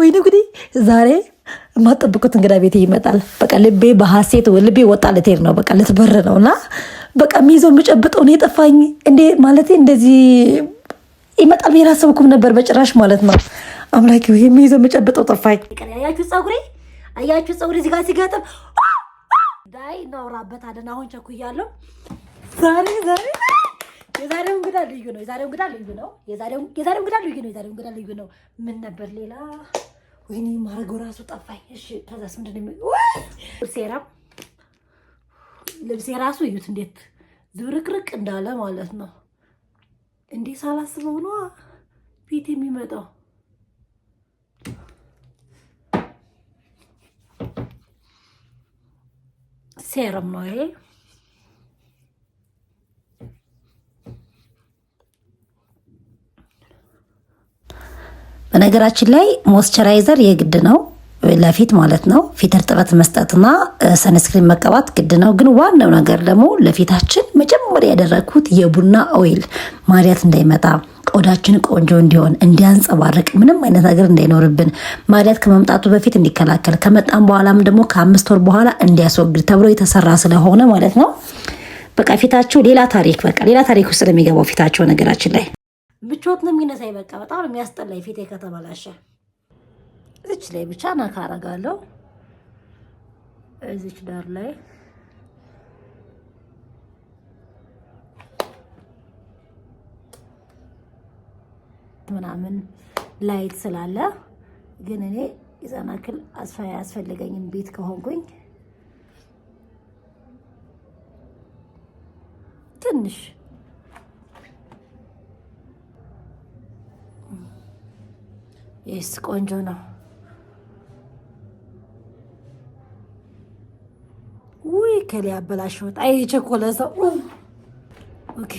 ወይኔ እንግዲህ ዛሬ የማትጠብቁት እንግዳ ቤት ይመጣል። በቃ ልቤ በሀሴት ልቤ ወጣ ልትሄድ ነው በቃ ልትበር ነው እና በቃ የሚይዘው የምጨብጠው ነው የጠፋኝ። እንዴ ማለት እንደዚህ ይመጣል ብዬ አላሰብኩም ነበር በጭራሽ ማለት ነው። አምላኪ የሚይዘው የምጨብጠው ጠፋኝ። አያችሁ ፀጉሬ፣ አያችሁ ፀጉሬ እዚህ ጋር ሲገጥም ዳይ እናውራበታለን። አሁን ቸኩያለሁ ዛሬ ዛሬ የዛሬው እንግዳ ልዩ ነው። የዛሬው እንግዳ ልዩ ነው። የዛሬው እንግዳ ልዩ ነው። የዛሬው እንግዳ ልዩ ነው። ምን ነበር ሌላ? ወይኔ ማረገው ራሱ ጠፋኝ። እሺ ከዛስ ምንድን ነው? ልብሴ ራሱ እዩት እንዴት ዝብርቅርቅ እንዳለ ማለት ነው። እንዴ ሳላስበው ነዋ ቤት የሚመጣው ሴረም ነው ይሄ በነገራችን ላይ ሞስቸራይዘር የግድ ነው ለፊት ማለት ነው። ፊት እርጥበት መስጠትና ሰንስክሪን መቀባት ግድ ነው። ግን ዋናው ነገር ደግሞ ለፊታችን መጀመሪያ ያደረግኩት የቡና ኦይል ማዲያት እንዳይመጣ ቆዳችን ቆንጆ እንዲሆን እንዲያንጸባርቅ ምንም አይነት ነገር እንዳይኖርብን ማዲያት ከመምጣቱ በፊት እንዲከላከል ከመጣም በኋላም ደግሞ ከአምስት ወር በኋላ እንዲያስወግድ ተብሎ የተሰራ ስለሆነ ማለት ነው። በቃ ፊታችሁ ሌላ ታሪክ በቃ ሌላ ታሪክ ውስጥ ለሚገባው ፊታቸው ነገራችን ላይ ምቾት ነው የሚነሳ። በቃ በጣም ነው የሚያስጠላኝ ፊቴ ከተበላሸ። እዚች ላይ ብቻ ነካ አረጋለሁ። እዚች ዳር ላይ ምናምን ላይት ስላለ ግን እኔ የዛናክል ያስፈልገኝም ቤት ከሆንኩኝ ትንሽ ይስ ቆንጆ ነው። ውይ ከሌ አበላሽሁት። አይ የቸኮለ ሰው ኦኬ።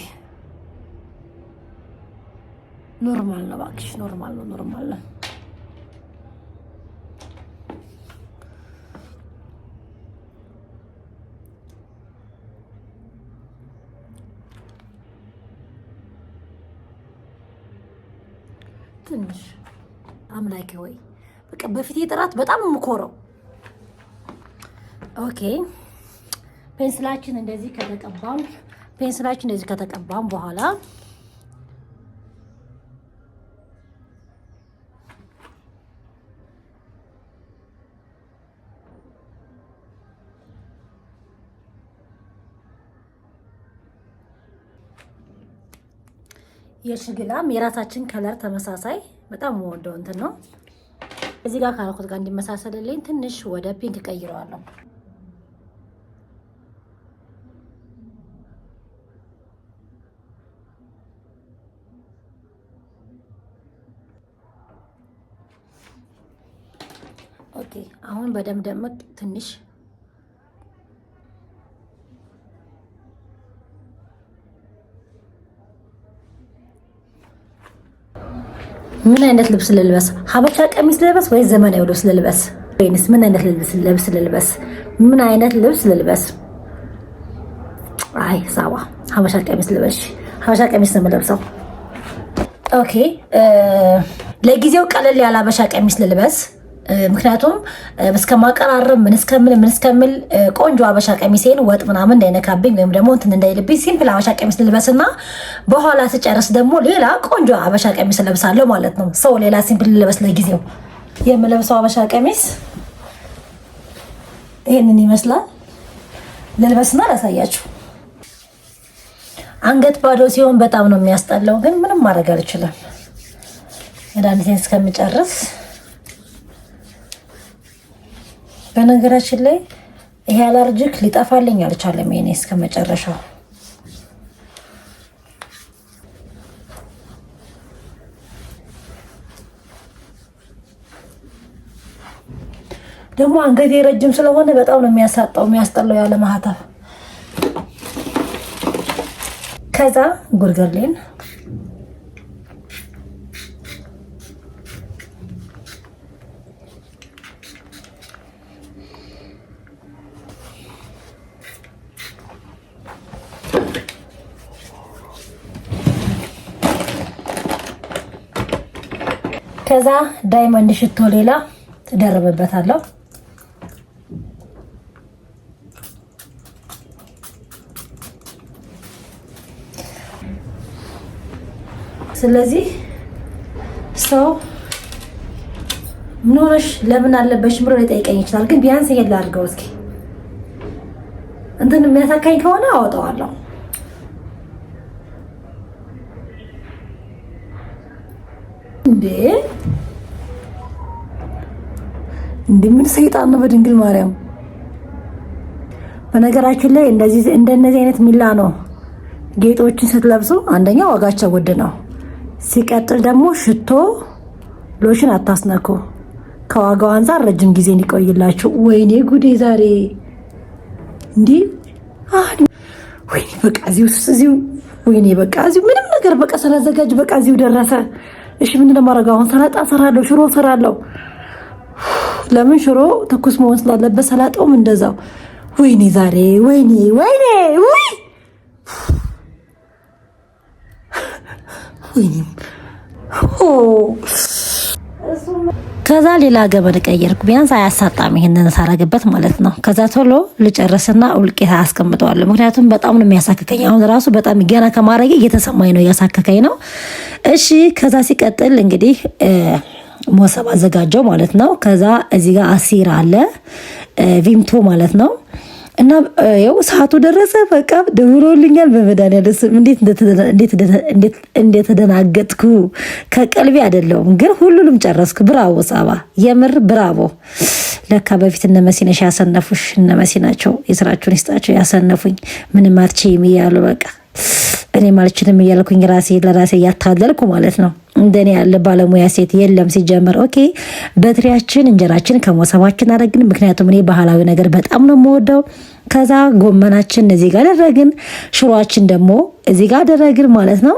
ኖርማል ነው እባክሽ፣ ኖርማል ነው፣ ኖርማል ነው። ትንሽ አምላኬ ወይ በቃ በፊቴ ጥራት በጣም የምኮረው። ኦኬ ፔንስላችን እንደዚህ ከተቀባም ፔንስላችን እንደዚህ ከተቀባም በኋላ የሽግላም የራሳችን ከለር ተመሳሳይ በጣም ወደው እንትን ነው። እዚህ ጋር ካልኩት ጋር እንዲመሳሰልልኝ ትንሽ ወደ ፒንክ ቀይረዋለሁ። ኦኬ አሁን በደምብ ደምቅ ትንሽ ምን አይነት ልብስ ልልበስ? ሀበሻ ቀሚስ ልልበስ ወይ ዘመናዊ ልብስ ልልበስ ወይንስ ምን አይነት ልብስ ልልበስ? ምን አይነት ልብስ ልልበስ? አይ ሳባ ሀበሻ ቀሚስ ልበሽ። ሀበሻ ቀሚስ ነው የምለብሰው። ኦኬ፣ ለጊዜው ቀለል ያለ ሀበሻ ቀሚስ ልልበስ። ምክንያቱም እስከ ማቀራረብ ምን እስከምል ምን እስከምል ቆንጆ አበሻ ቀሚሴን ወጥ ምናምን እንዳይነካብኝ ወይም ደግሞ እንትን እንዳይልብኝ ሲምፕል አበሻ ቀሚስ ልልበስና በኋላ ስጨርስ ደግሞ ሌላ ቆንጆ አበሻ ቀሚስ ለብሳለሁ ማለት ነው። ሰው ሌላ ሲምፕል ልልበስ ለጊዜው የምለብሰው አበሻ ቀሚስ ይህንን ይመስላል። ልልበስና ላሳያችሁ። አንገት ባዶ ሲሆን በጣም ነው የሚያስጠላው፣ ግን ምንም ማድረግ አልችልም መድኃኒቴን እስከምጨርስ በነገራችን ላይ ይሄ አላርጅክ ሊጠፋልኝ አልቻለም። ይሄኔ እስከ መጨረሻው ደግሞ አንገቴ ረጅም ስለሆነ በጣም ነው የሚያሳጣው የሚያስጠላው ያለ ማህተብ ከዛ ጉርገሌን ከዛ ዳይመንድ ሽቶ ሌላ ትደርብበታለሁ። ስለዚህ ሰው ኖረሽ ለምን አለበሽ ብሎ ሊጠይቀኝ ይችላል። ግን ቢያንስ ይሄን ላድርገው እስኪ እንትን የሚያሳካኝ ከሆነ አወጣዋለሁ። እንዴ እንደምን ሰይጣን ነው በድንግል ማርያም። በነገራችን ላይ እንደዚህ እንደነዚህ አይነት ሚላ ነው ጌጦችን ስትለብሱ አንደኛ ዋጋቸው ውድ ነው። ሲቀጥል ደግሞ ሽቶ፣ ሎሽን አታስነኩ። ከዋጋው አንጻር ረጅም ጊዜ እንዲቆይላችሁ። ወይኔ ጉዴ ዛሬ እንዲህ ወይኔ በቃ እዚሁ እዚሁ ወይኔ በቃ እዚሁ ምንም ነገር በቃ ሳላዘጋጅ በቃ እዚሁ ደረሰ። እሺ ምንድን ነው የማደርገው? አሁን ሰላጣ ሰራለሁ፣ ሽሮ ሰራለሁ። ለምን ሽሮ ትኩስ መሆን ስላለበት፣ ሰላጣውም እንደዛው። ወይኔ ዛሬ ወይኔ ወይኔ ወይ ወይኔ ከዛ ሌላ ገመድ ቀየርኩ። ቢያንስ አያሳጣም ይሄንን ሳረግበት ማለት ነው። ከዛ ቶሎ ልጨርስና ውልቄት አስቀምጠዋለሁ። ምክንያቱም በጣም ነው የሚያሳክከኝ። አሁን ራሱ በጣም ገና ከማድረጌ እየተሰማኝ ነው፣ እያሳከከኝ ነው። እሺ ከዛ ሲቀጥል እንግዲህ ሞሰብ አዘጋጀው ማለት ነው። ከዛ እዚህ ጋር አሲር አለ ቪምቶ ማለት ነው እና ያው ሰዓቱ ደረሰ። በቃ ደውሎልኛል። በመድኃኒዓለም ስም እንዴት እንደተደናገጥኩ ከቀልቤ አይደለውም፣ ግን ሁሉንም ጨረስኩ። ብራቮ ጸባ፣ የምር ብራቮ። ለካ በፊት እነ መሲነሽ ያሰነፉሽ እነ መሲ ናቸው። የስራችሁን ይስጣቸው። ያሰነፉኝ ምንም አትችይም እያሉ በቃ እኔም አልችልም እያልኩኝ ራሴ ለራሴ እያታለልኩ ማለት ነው። እንደኔ ያለ ባለሙያ ሴት የለም። ሲጀምር ኦኬ፣ በትሪያችን እንጀራችን ከሞሰባችን አደረግን። ምክንያቱም እኔ ባህላዊ ነገር በጣም ነው የምወደው። ከዛ ጎመናችን እዚህ ጋር አደረግን፣ ሽሮችን ደግሞ እዚህ ጋር አደረግን ማለት ነው።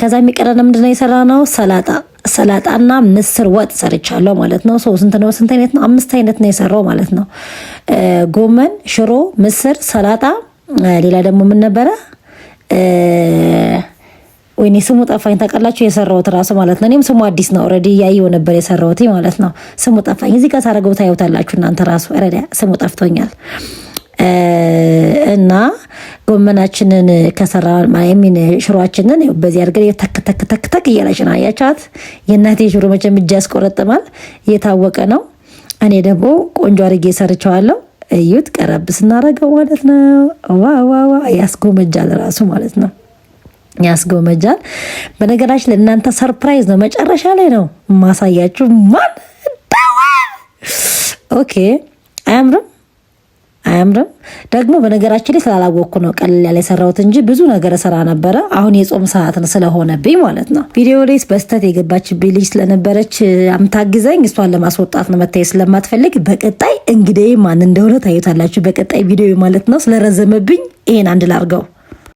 ከዛ የሚቀረን ምንድነው የሰራ ነው ሰላጣ ሰላጣና ምስር ወጥ ሰርቻለሁ ማለት ነው። ሰው ስንት ነው ስንት አይነት ነው? አምስት አይነት ነው የሰራው ማለት ነው። ጎመን፣ ሽሮ፣ ምስር፣ ሰላጣ ሌላ ደግሞ ምን ነበረ? ወይኔ ስሙ ጠፋኝ። ታውቃላችሁ የሰራሁት ራሱ ማለት ነው። እኔም ስሙ አዲስ ነው። ኦልሬዲ እያየሁ ነበር የሰራሁት ማለት ነው። ስሙ ጠፋኝ። እዚህ ጋር ሳረገው ታዩታላችሁ እናንተ ራሱ ረዳ ስሙ ጠፍቶኛል። እና ጎመናችንን ከሰራ ማየሚን ሽሮችንን በዚህ አድርገን ተክተክተክተክ እያለችን አያቻት። የእናቴ ሽሮ መቼም እጅ ያስቆረጥማል፣ እየታወቀ ነው። እኔ ደግሞ ቆንጆ አድርጌ ሰርቸዋለሁ። እዩት፣ ቀረብ ስናረገው ማለት ነው። ዋዋዋ ያስጎመጃል ራሱ ማለት ነው። ያስጎመጃል። በነገራችን ለእናንተ ሰርፕራይዝ ነው፣ መጨረሻ ላይ ነው ማሳያችሁ። ማን ኦኬ፣ አያምርም አያምርም። ደግሞ በነገራችን ላይ ስላላወቅኩ ነው ቀለል ያለ የሰራሁት እንጂ ብዙ ነገር ስራ ነበረ። አሁን የጾም ሰዓትን ስለሆነብኝ ማለት ነው። ቪዲዮ ላይስ በስተት የገባችብኝ ልጅ ስለነበረች አምታግዘኝ እሷን ለማስወጣት ነው። መታየት ስለማትፈልግ በቀጣይ እንግዲህ ማን እንደሆነ ታዩታላችሁ። በቀጣይ ቪዲዮ ማለት ነው። ስለረዘመብኝ ይሄን አንድ ላርገው።